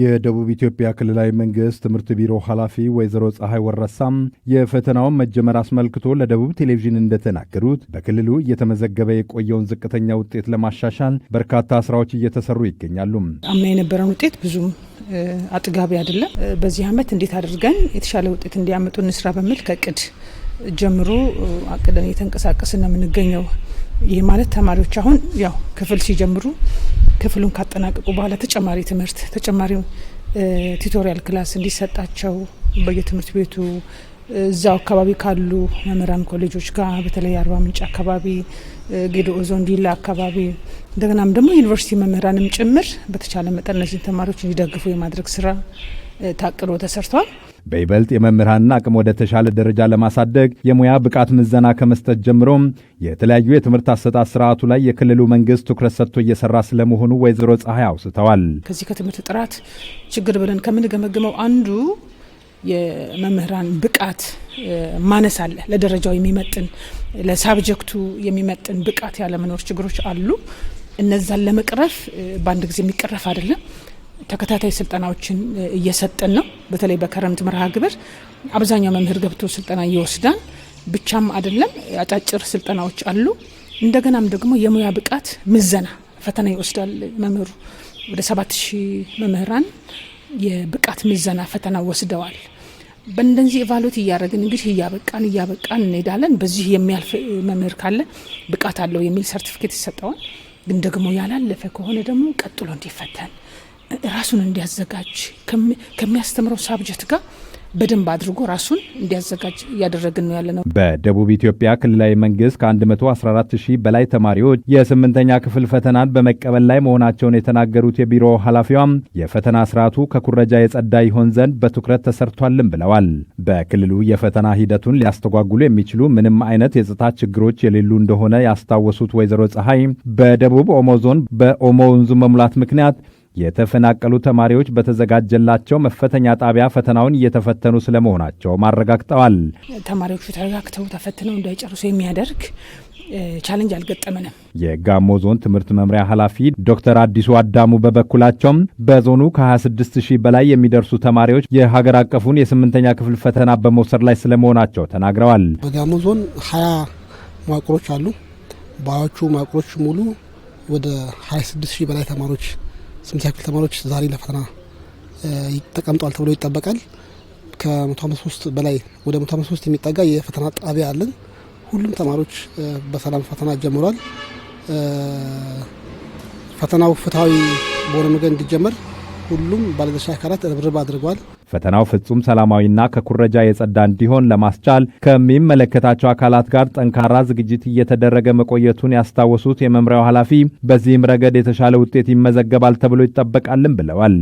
የደቡብ ኢትዮጵያ ክልላዊ መንግስት ትምህርት ቢሮ ኃላፊ ወይዘሮ ፀሐይ ወረሳም የፈተናውን መጀመር አስመልክቶ ለደቡብ ቴሌቪዥን እንደተናገሩት በክልሉ እየተመዘገበ የቆየውን ዝቅተኛ ውጤት ለማሻሻል በርካታ ስራዎች እየተሰሩ ይገኛሉ። አምና የነበረን ውጤት ብዙም አጥጋቢ አይደለም። በዚህ ዓመት እንዴት አድርገን የተሻለ ውጤት እንዲያመጡ እንስራ በሚል ከቅድ ጀምሮ አቅደን እየተንቀሳቀስን ነው የምንገኘው። ይህ ማለት ተማሪዎች አሁን ያው ክፍል ሲጀምሩ ክፍሉን ካጠናቀቁ በኋላ ተጨማሪ ትምህርት ተጨማሪ ቲቶሪያል ክላስ እንዲሰጣቸው በየትምህርት ቤቱ እዛው አካባቢ ካሉ መምህራን ኮሌጆች ጋር በተለይ አርባ ምንጭ አካባቢ፣ ጌዲኦ ዞን ዲላ አካባቢ እንደገናም ደግሞ ዩኒቨርሲቲ መምህራንም ጭምር በተቻለ መጠን እነዚህን ተማሪዎች እንዲደግፉ የማድረግ ስራ ታቅዶ ተሰርቷል። በይበልጥ የመምህራንን አቅም ወደ ተሻለ ደረጃ ለማሳደግ የሙያ ብቃት ምዘና ከመስጠት ጀምሮም የተለያዩ የትምህርት አሰጣጥ ስርዓቱ ላይ የክልሉ መንግስት ትኩረት ሰጥቶ እየሰራ ስለመሆኑ ወይዘሮ ፀሐይ አውስተዋል። ከዚህ ከትምህርት ጥራት ችግር ብለን ከምንገመግመው አንዱ የመምህራን ብቃት ማነስ አለ። ለደረጃው የሚመጥን ለሳብጀክቱ የሚመጥን ብቃት ያለመኖር ችግሮች አሉ። እነዛን ለመቅረፍ በአንድ ጊዜ የሚቀረፍ አይደለም። ተከታታይ ስልጠናዎችን እየሰጠን ነው። በተለይ በከረምት መርሃ ግብር አብዛኛው መምህር ገብቶ ስልጠና ይወስዳል። ብቻም አይደለም፣ አጫጭር ስልጠናዎች አሉ። እንደገናም ደግሞ የሙያ ብቃት ምዘና ፈተና ይወስዳል መምህሩ። ወደ ሰባት ሺህ መምህራን የብቃት ምዘና ፈተና ወስደዋል። በእንደዚህ ኢቫሉዌት እያደረግን እንግዲህ እያበቃን እያበቃን እንሄዳለን። በዚህ የሚያልፍ መምህር ካለ ብቃት አለው የሚል ሰርቲፊኬት ይሰጠዋል። ግን ደግሞ ያላለፈ ከሆነ ደግሞ ቀጥሎ እንዲፈተን ራሱን እንዲያዘጋጅ ከሚያስተምረው ሳብጀት ጋር በደንብ አድርጎ ራሱን እንዲያዘጋጅ እያደረግን ነው ያለ ነው። በደቡብ ኢትዮጵያ ክልላዊ መንግስት ከ114 ሺህ በላይ ተማሪዎች የስምንተኛ ክፍል ፈተናን በመቀበል ላይ መሆናቸውን የተናገሩት የቢሮ ኃላፊዋም የፈተና ስርዓቱ ከኩረጃ የጸዳ ይሆን ዘንድ በትኩረት ተሰርቷልን ብለዋል። በክልሉ የፈተና ሂደቱን ሊያስተጓጉሉ የሚችሉ ምንም አይነት የጸጥታ ችግሮች የሌሉ እንደሆነ ያስታወሱት ወይዘሮ ፀሐይ በደቡብ ኦሞ ዞን በኦሞ ወንዙ መሙላት ምክንያት የተፈናቀሉ ተማሪዎች በተዘጋጀላቸው መፈተኛ ጣቢያ ፈተናውን እየተፈተኑ ስለመሆናቸውም አረጋግጠዋል። ተማሪዎቹ ተረጋግተው ተፈትነው እንዳይጨርሱ የሚያደርግ ቻለንጅ አልገጠመንም። የጋሞ ዞን ትምህርት መምሪያ ኃላፊ ዶክተር አዲሱ አዳሙ በበኩላቸውም በዞኑ ከ26 ሺህ በላይ የሚደርሱ ተማሪዎች የሀገር አቀፉን የስምንተኛ ክፍል ፈተና በመውሰድ ላይ ስለመሆናቸው ተናግረዋል። በጋሞ ዞን ሀያ መዋቅሮች አሉ። በሀያዎቹ መዋቅሮች ሙሉ ወደ 26 ሺህ በላይ ተማሪዎች ስምንተኛ ያክል ተማሪዎች ዛሬ ለፈተና ተቀምጠዋል ተብሎ ይጠበቃል። ከ153 በላይ ወደ 153 የሚጠጋ የፈተና ጣቢያ አለን። ሁሉም ተማሪዎች በሰላም ፈተና ጀምሯል። ፈተናው ፍትሐዊ በሆነ መንገድ እንዲጀመር ሁሉም ባለድርሻ አካላት ርብርብ አድርጓል። ፈተናው ፍጹም ሰላማዊና ከኩረጃ የጸዳ እንዲሆን ለማስቻል ከሚመለከታቸው አካላት ጋር ጠንካራ ዝግጅት እየተደረገ መቆየቱን ያስታወሱት የመምሪያው ኃላፊ በዚህም ረገድ የተሻለ ውጤት ይመዘገባል ተብሎ ይጠበቃልም ብለዋል።